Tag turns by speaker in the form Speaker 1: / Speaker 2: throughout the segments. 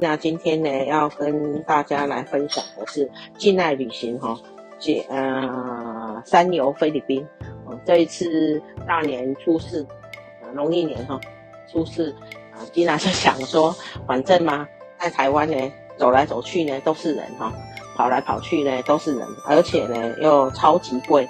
Speaker 1: 那今天呢，要跟大家來分享的是靜愛旅行哈，靜、哦、呃三進菲律賓哦，這一次大年初四，呃、農曆年哈、哦，初四啊，近、呃、來就想說，反正嘛，在台灣呢走來走去呢都是人哈、哦，跑來跑去呢都是人，而且呢又超級貴，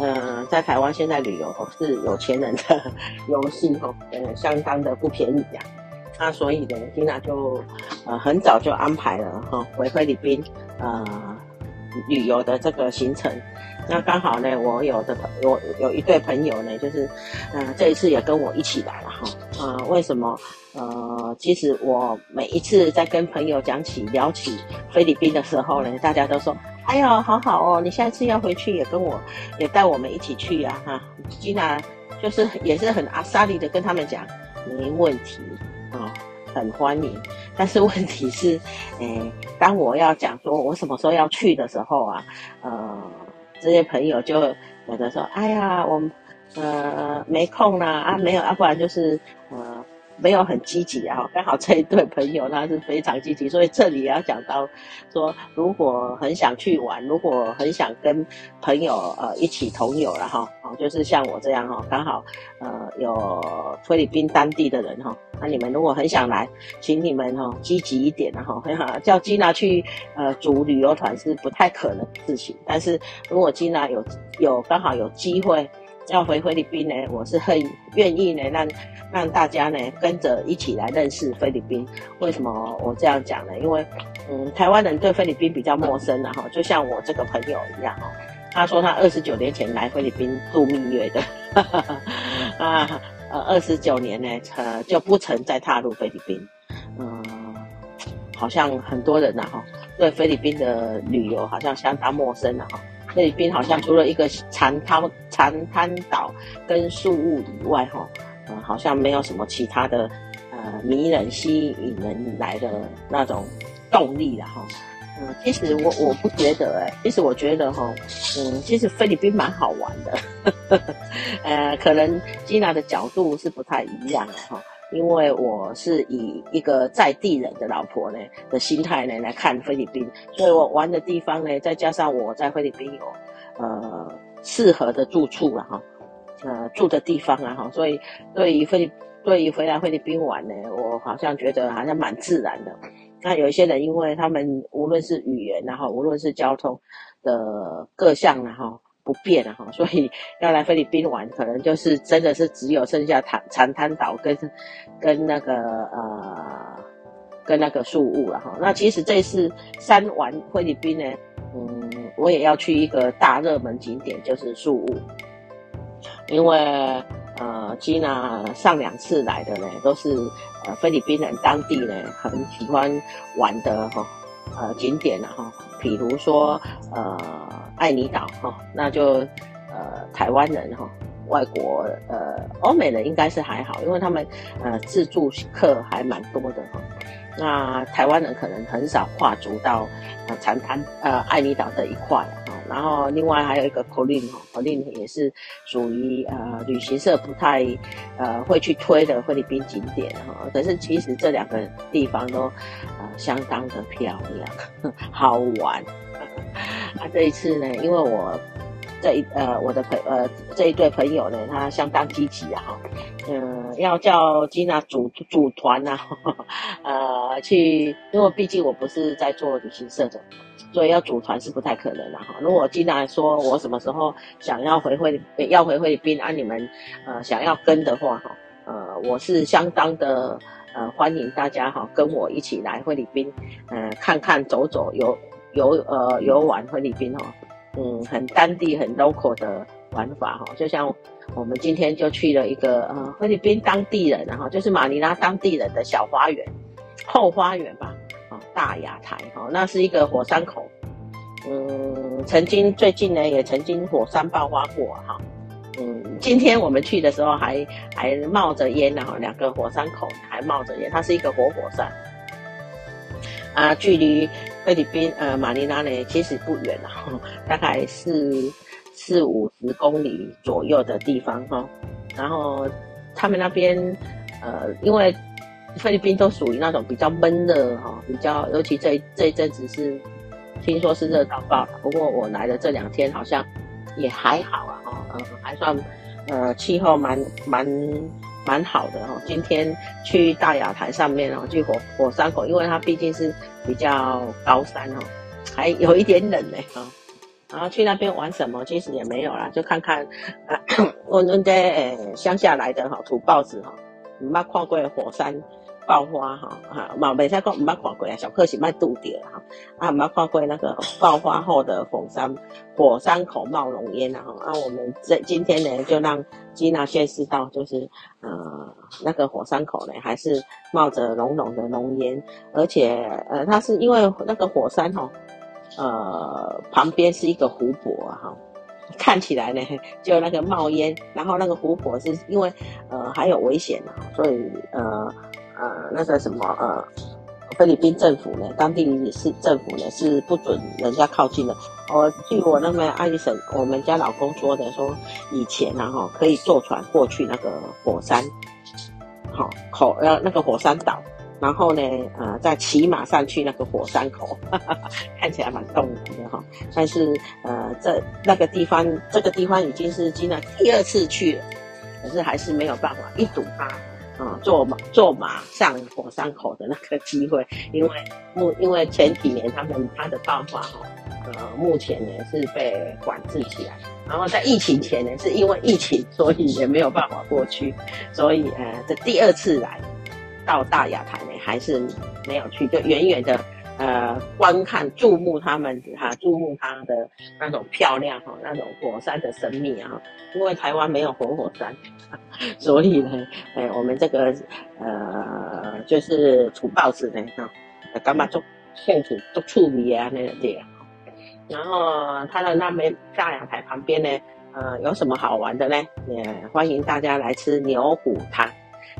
Speaker 1: 呃，在台灣現在旅遊是有錢人的遊戲哈，呃、哦嗯，相當的不便宜呀。那所以呢，金娜就呃很早就安排了哈、哦，回菲律賓呃旅遊的這個行程。那剛好呢，我有的我有一對朋友呢，就是嗯、呃、這一次也跟我一起來了哈。啊、哦呃，為什麼？呃，其實我每一次在跟朋友講起聊起菲律賓的時候呢，大家都說：“哎呦，好好哦，你下次要回去也跟我也帶我們一起去呀、啊！”哈，金娜就是也是很阿薩利的跟他們講，沒問題。啊、哦，很歡迎，但是問題是，誒，當我要講說我什麼時候要去的時候啊，呃，這些朋友就有的說，哎呀，我，呃，沒空了啊，沒有，啊，不然就是，呃。沒有很積極啊，剛好這一對朋友他是非常積極，所以這裡也要講到，說如果很想去玩，如果很想跟朋友呃一起同遊了哈，哈，就是像我這樣哈，剛好呃有菲律賓當地的人哈，那你們如果很想來，請你們哦積極一點，然後很好，叫吉娜去呃組旅遊團是不太可能的事情，但是如果吉娜有有剛好有機會。要回菲律賓呢，我是很願意呢，讓讓大家呢跟着一起來認識菲律賓。為什麼我這樣講呢？因為，嗯，台灣人對菲律賓比較陌生的、啊、哈，就像我這個朋友一樣哦、啊，他說他二十九年前來菲律賓度蜜月的，呵呵啊，呃，二十九年呢、呃，就不曾再踏入菲律賓。嗯、呃，好像很多人呢、啊、哈，對菲律賓的旅遊好像相當陌生的、啊、哈。菲律賓好像除了一個長灘長灘島跟樹屋以外，哈，嗯，好像沒有什麼其他的呃迷人吸引人來的那種動力了，哈，嗯，其實我我不覺得、欸，其實我覺得，哈，嗯，其實菲律賓蠻好玩的呵呵，呃，可能 Gina 的角度是不太一樣的，哈。因為我是以一個在地人的老婆呢的心態呢來看菲律賓，所以我玩的地方呢，再加上我在菲律賓有呃適合的住處了哈，呃住的地方啊哈，所以對於菲律對於回來菲律賓玩呢，我好像覺得好像蠻自然的。那有一些人，因為他們無論是語言然後無論是交通的各項然後。不變啊哈，所以要來菲律賓玩，可能就是真的是只有剩下長長灘島跟，跟那個呃，跟那個宿霧了哈。那其實這次三玩菲律賓呢，嗯，我也要去一個大熱門景點，就是宿霧，因為呃，吉娜上兩次來的呢，都是呃菲律賓人當地呢很喜歡玩的哈，呃景點哈、啊，比如說呃。艾尼島哈，那就，呃，台灣人哈，外國呃，歐美人應該是還好，因為他們呃自助客還蠻多的哈。那、呃、台灣人可能很少跨足到呃長灘呃愛尼島這一塊哈、呃。然後另外還有一個 Colin 哈，Colin、呃、也是屬於呃旅行社不太呃會去推的菲律賓景點哈、呃。可是其實這兩個地方都呃相當的漂亮，好玩。那、啊、這一次呢，因為我這一呃我的朋呃這一對朋友呢，他相當積極啊，哈，嗯，要叫吉娜組組團吶、啊，呃，去，因為畢竟我不是在做旅行社的，所以要組團是不太可能了、啊、哈。如果吉娜說，我什麼時候想要回菲律要回菲律賓，啊，你們呃想要跟的話哈，呃，我是相當的呃歡迎大家哈、啊，跟我一起來菲律賓，嗯、呃，看看走走遊。有遊呃遊玩菲律賓哦，嗯，很當地很 local 的玩法哈、哦，就像我們今天就去了一個呃菲律賓當地人然後、啊、就是馬尼拉當地人的小花園，後花園吧，啊、哦、大雅台哈、哦，那是一個火山口，嗯，曾經最近呢也曾經火山爆發過哈、啊哦，嗯，今天我們去的時候還還冒着煙然、啊、後兩個火山口還冒着煙，它是一個活火，火山。啊，距離菲律賓呃馬尼拉呢其實不遠哦，大概是四,四五十公里左右的地方哦。然後他們那邊呃，因為菲律賓都屬於那種比較悶熱哈、比較尤其這這一陣子是聽說是熱到爆，不過我來的這兩天好像也還好啊，哦，嗯、呃，還算呃氣候蠻蠻。蠻好的哈、哦，今天去大雅台上面哈、哦，去火火山口，因為它畢竟是比較高山哈、哦，還有一點冷呢哈、哦。然後去那邊玩什麼，其實也沒有啦，就看看啊，我們在、呃、鄉下來的哈、哦、土包子哈、哦，你們跨過了火山？爆發哈哈，冇未使講唔要看過要啊，小克是蠻多的哈啊，唔冇看過那個爆發後的火山，火山口冒濃煙然後哈，那、啊、我們在今天呢就讓吉娜見識到，就是呃那個火山口呢還是冒着濃濃的濃煙，而且呃它是因為那個火山哦，呃旁邊是一個湖泊哈、啊，看起來呢就那個冒煙，然後那個湖泊是因為呃還有危險嘛、啊，所以呃。那個什麼呃，菲律賓政府呢，當地也是政府呢是不准人家靠近的。我、哦、據我那邊愛麗省，我們家老公說的，說以前呢、啊、哈、哦、可以坐船過去那個火山，好、哦、口呃，那個火山島，然後呢呃，再騎馬上去那個火山口，哈哈，看起來蠻動人的哈。但是呃這那個地方這個地方已經是今年第二次去了，可是還是沒有辦法，一睹它。啊、嗯，坐馬坐馬上火山口的那個機會，因為目因為前幾年他們他的爆發、哦、呃目前呢是被管制起來，然後在疫情前呢是因為疫情，所以也沒有辦法過去，所以呃這第二次來到大雅台呢還是沒有去，就遠遠的。呃，觀看注目他們哈、啊，注目他的那種漂亮哈、哦，那種火山的神秘哈、哦。因為台灣沒有活火，火山呵呵，所以呢，哎，我們這個呃，就是土包子呢，哈、哦，幹嘛做現場都處米啊那些。然後，它的那邊大雅台旁邊呢，呃，有什麼好玩的呢？也歡迎大家來吃牛骨湯。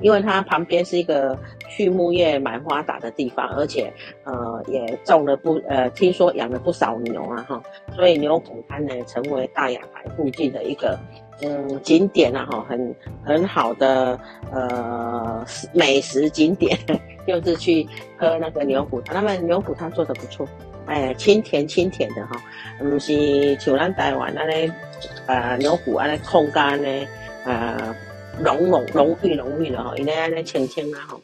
Speaker 1: 因為它旁邊是一個畜牧業蠻發達的地方，而且呃也種了不呃，聽說養了不少牛啊哈，所以牛骨湯呢，成為大雅台附近的一個嗯景點啊。哈，很很好的呃美食景點呵呵，就是去喝那個牛骨湯。那、啊、麼牛骨湯做得不錯，哎，清甜清甜的哈，嗯是久南台灣那裡啊牛骨啊的乾呢啊。呃濃濃濃郁濃郁的因為那青青啊吼，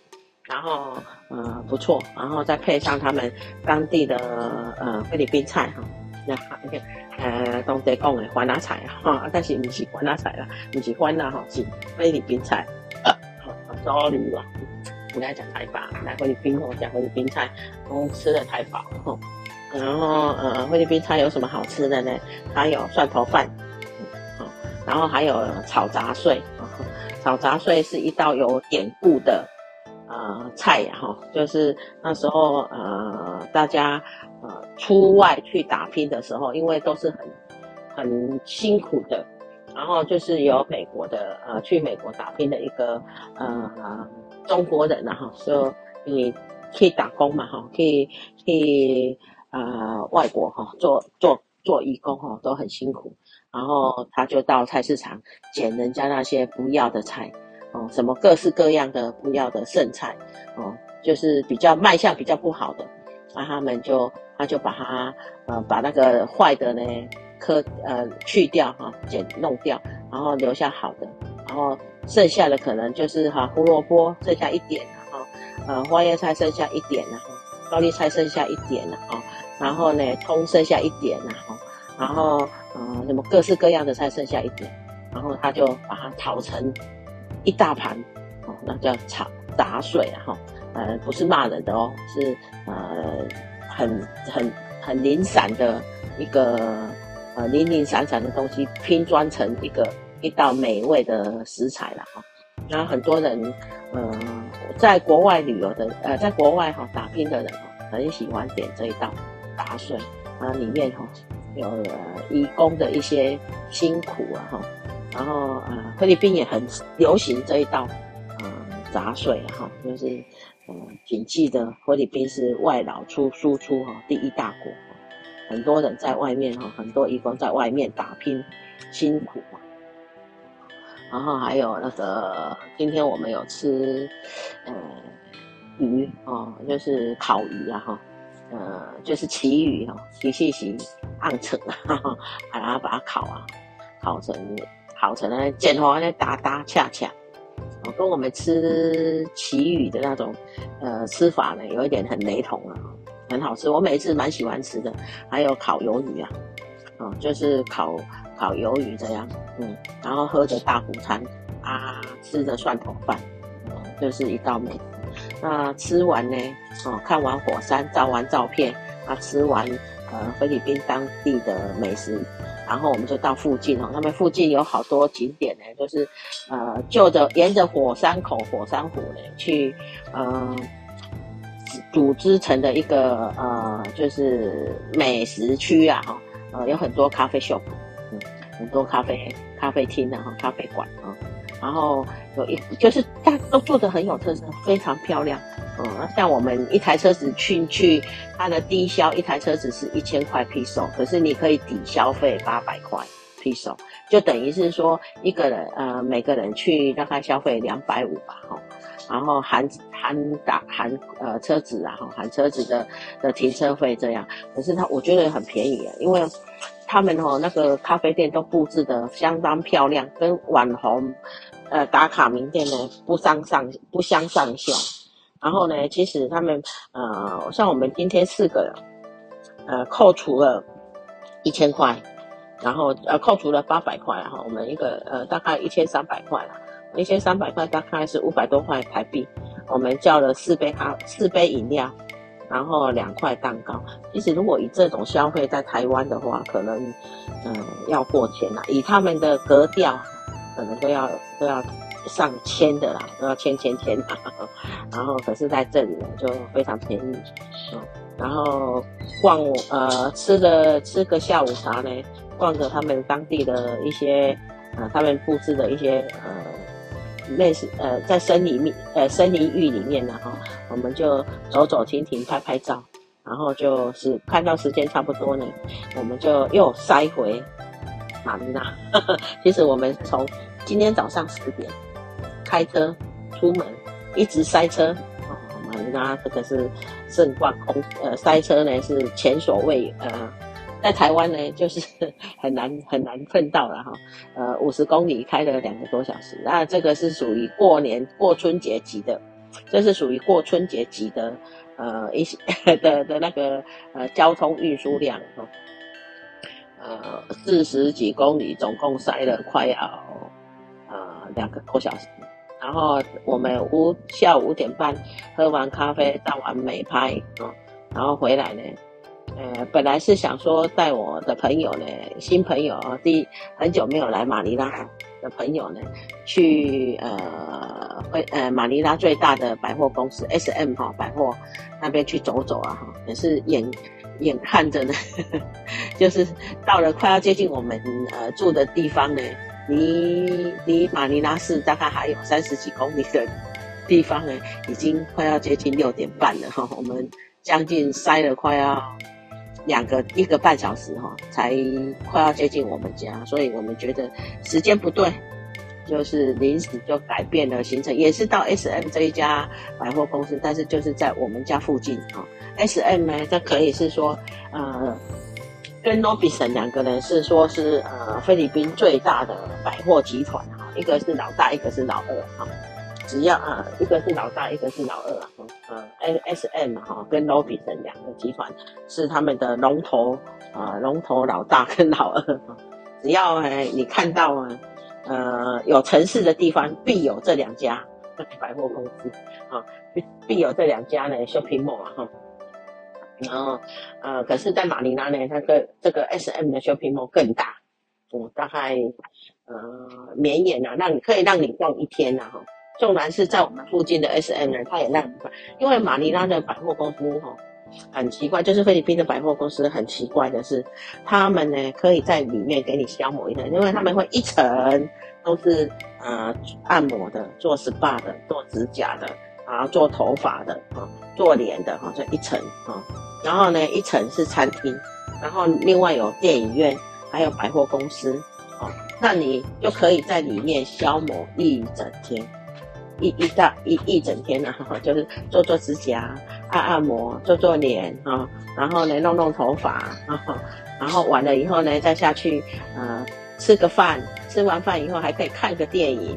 Speaker 1: 然後嗯、呃，不錯，然後再配上他們當地的呃菲律賓菜哈，那一個呃當地貢的酸辣菜哈，但是不是酸辣菜啦，不是酸啦，是菲律賓菜。呃好，sorry 啦，應、啊、該講太飽，來回我河菲律賓菜，我、嗯、吃的太飽吼。然後呃菲律賓菜有什麼好吃的呢？它有蒜頭飯，好，然後還有炒雜碎。炒雜碎是一道有典故的呃菜哈，啊，就是那時候呃大家呃出外，去打拼的時候，因為都是很很辛苦的，然後就是有美國的呃去美國打拼的一個呃中國人啊哈，說你去打工嘛哈，去去呃外國哈，啊，做做做義工哈，啊，都很辛苦。然後他就到菜市場撿人家那些不要的菜，哦，什麼各式各樣的不要的剩菜，哦，就是比較賣相比較不好的，那、啊、他們就他就把它呃把那個壞的呢磕呃去掉哈、啊，撿弄掉，然後留下好的，然後剩下的可能就是哈、啊、胡蘿蔔剩下一點哈，呃花椰菜剩下一點，然後高麗菜剩下一點了然，然後呢蔥剩下一點了，然後。然後啊、呃，什麼各式各樣的菜剩下一點，然後他就把它炒成一大盤，哦，那叫炒雜碎啊，哈、哦，呃，不是罵人的哦，是呃很很很零散的一個呃零零散散的東西拼裝成一個一道美味的食材了啊、哦。然後很多人呃在國外旅遊的呃在國外哈、哦、打拼的人哦，很喜歡點這一道雜碎啊，然後裡面哈、哦。有了移工的一些辛苦啊，哈，然後呃，菲律賓也很流行這一道啊炸、呃、水啊，哈，就是呃，請記得菲律賓是外勞出輸出哈、啊、第一大國、啊，很多人在外面哈、啊，很多移工在外面打拼辛苦、啊、然後還有那個今天我們有吃呃魚哦，就是烤魚啊，哈，呃，就是旗魚哦、啊，魚旗旗。暗成啊，然後把它烤啊，烤成烤成那，剪好呢，搭搭恰恰，跟我們吃旗語的那種，呃，吃法呢，有一點很雷同啊。很好吃，我每次蠻喜歡吃的，還有烤魷魚啊，啊、哦，就是烤烤魷魚這樣，嗯，然後喝着大壺餐，啊，吃着蒜頭飯，嗯、就是一道美食。那吃完呢，哦，看完火山，照完照片，啊，吃完。呃，菲律賓當地的美食，然後我們就到附近哦，他們附近有好多景點呢，就是呃，就着沿着火山口、火山湖呢去，呃組織成的一個呃，就是美食區啊，哈，呃，有很多咖啡 shop，嗯，很多咖啡咖啡廳啊，咖啡館啊。然後有一就是，大家都做的很有特色，非常漂亮。嗯，像我們一台車子去去，它的低消一台車子是一千塊披索，可是你可以抵消費八百塊披索，就等於是說一個人呃每個人去大概消費兩百五吧哈、哦。然後含含打含呃車子啊，後含車子的的停車費這樣，可是他，我覺得很便宜啊，因為他們哦那個咖啡店都布置的相當漂亮，跟網紅。呃，打卡名店呢，不相上，不相上下，然後呢，其實他們呃，像我們今天四個人，呃，扣除了一千塊，然後呃，扣除了八百塊哈，我們一個呃，大概一千三百塊啦，一千三百塊大概是五百多塊台幣，我們叫了四杯咖四杯飲料，然後兩塊蛋糕。其實如果以這種消費在台灣的話，可能嗯，要過錢啦，以他們的格調。可能都要都要上千的啦，都要千千千，然後可是在這裡呢就非常便宜，哦，然後逛呃吃了，吃個下午茶呢，逛着他們當地的一些呃他們布置的一些呃類似呃在森林裡，呃森林呃森林浴裡面呢哈、哦，我們就走走停停拍拍照，然後就是看到時間差不多呢，我們就又塞回馬尼拉，其實我們從。今天早上十點開車出門，一直塞車、哦、啊！那這個是盛況空呃塞車呢是前所未呃，在台灣呢就是很難很難碰到了哈、哦。呃五十公里開了兩個多小時，那、啊、這個是屬於過年過春節級的，這是屬於過春節級的呃一些的的，的那個呃交通運輸量哈、哦。呃四十幾公里，總共塞了快要。兩個多小時，然後我們五下午五點半喝完咖啡，到完美拍，哦，然後回來呢，呃，本來是想說帶我的朋友呢，新朋友啊，第一很久沒有來馬尼拉的朋友呢，去呃，會呃，馬尼拉最大的百貨公司 SM 哈，哦，百貨那邊去走走啊，也是眼眼看着呢呵呵，就是到了快要接近我們呃住的地方呢。離離馬尼拉市大概還有三十幾公里的地方呢、欸，已經快要接近六點半了哈，我們將近塞了快要兩個一個半小時哈，才快要接近我們家，所以我們覺得時間不對，就是臨時就改變了行程，也是到 SM 這一家百貨公司，但是就是在我們家附近啊。SM 呢、欸，它可以是說，呃。跟 Robinson 兩個人是說是，是呃菲律賓最大的百貨集團哈，一個是老大，一個是老二哈。只要啊、呃，一個是老大，一個是老二啊、呃、，SM 哈、呃、跟 Robinson 兩個集團是他們的龍頭啊、呃，龍頭老大跟老二哈。只要、呃、你看到啊，呃有城市的地方必有這兩家百貨公司啊、呃，必有這兩家呢 Shopping Mall 啊、呃、哈。然後，呃，可是，在馬尼拉呢，它個這個 SM 的 shopping mall 更大，我、嗯、大概，呃，綿延啊，讓你可以讓你逛一天吶、啊、哈。縱然是在我們附近的 SM 呢，它也讓你，逛，因為馬尼拉的百貨公司哈、哦，很奇怪，就是菲律賓的百貨公司很奇怪的是，他們呢可以在裡面給你消磨一天，因為他們會一層都是呃按摩的，做 SPA 的，做指甲的，然後做頭髮的啊、哦，做臉的哈，這、哦、一層啊。哦然後呢，一層是餐廳，然後另外有電影院，還有百貨公司，哦，那你就可以在裡面消磨一整天，一一大一一整天啊、哦，就是做做指甲、按按摩、做做臉啊、哦，然後呢弄弄頭髮，啊、哦，然後完了以後呢，再下去呃吃個飯，吃完飯以後還可以看個電影，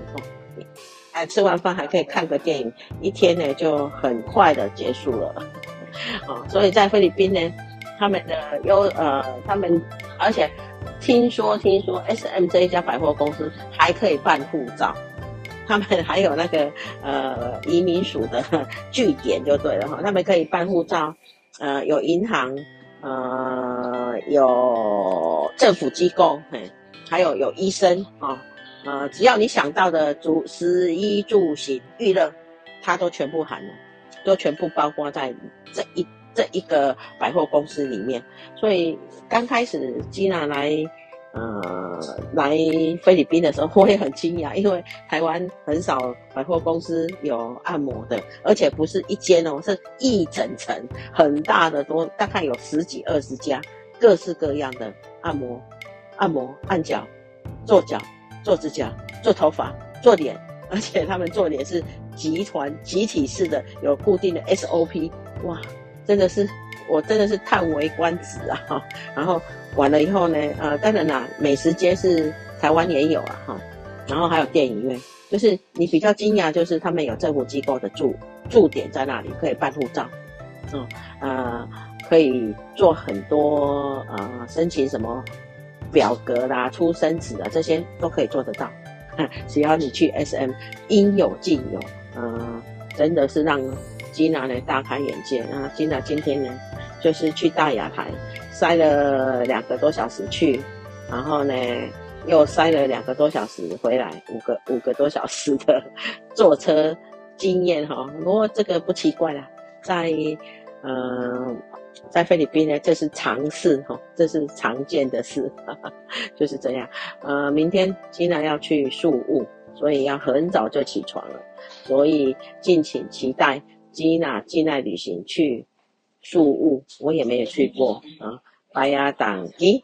Speaker 1: 哎、哦，吃完飯還可以看個電影，一天呢就很快的結束了。啊、哦，所以在菲律賓呢，他們的有，呃，他們而且聽說聽說 SM 這一家百貨公司還可以辦護照，他們還有那個呃移民署的據點就對了哈、哦，他們可以辦護照，呃有銀行，呃有政府機構，嘿，還有有醫生啊、哦，呃只要你想到的主食衣住行娛樂，他都全部含了。都全部包括在這一這一個百貨公司裡面，所以剛開始基娜來呃來菲律賓的時候，我也很驚訝，因為台灣很少百貨公司有按摩的，而且不是一間哦，是一整層很大的多，大概有十幾二十家，各式各樣的按摩、按摩、按腳、做腳、做指甲、做頭髮、做臉。而且他們做的也是集團集體式的，有固定的 SOP，哇，真的是我真的是嘆為觀止啊！哈，然後完了以後呢，呃，當然啦、啊，美食街是台灣也有啊，哈，然後還有電影院，就是你比較驚訝，就是他們有政府機構的駐駐點在那裡，可以辦護照，嗯呃，可以做很多呃，申請什麼表格啦、出生紙啊，這些都可以做得到。只要你去 SM，應有盡有，嗯、呃，真的是讓金娜呢大開眼界啊！金娜今天呢，就是去大雅台，塞了兩個多小時去，然後呢又塞了兩個多小時回來，五個五個多小時的坐車經驗哈。不、哦、過這個不奇怪啦，在嗯。呃在菲律賓呢，這是常事哈，這是常見的事，哈哈，就是這樣。呃，明天吉娜要去宿務，所以要很早就起床了，所以敬請期待吉娜靜愛旅行去宿務。我也沒有去過啊，拜鴨黨基。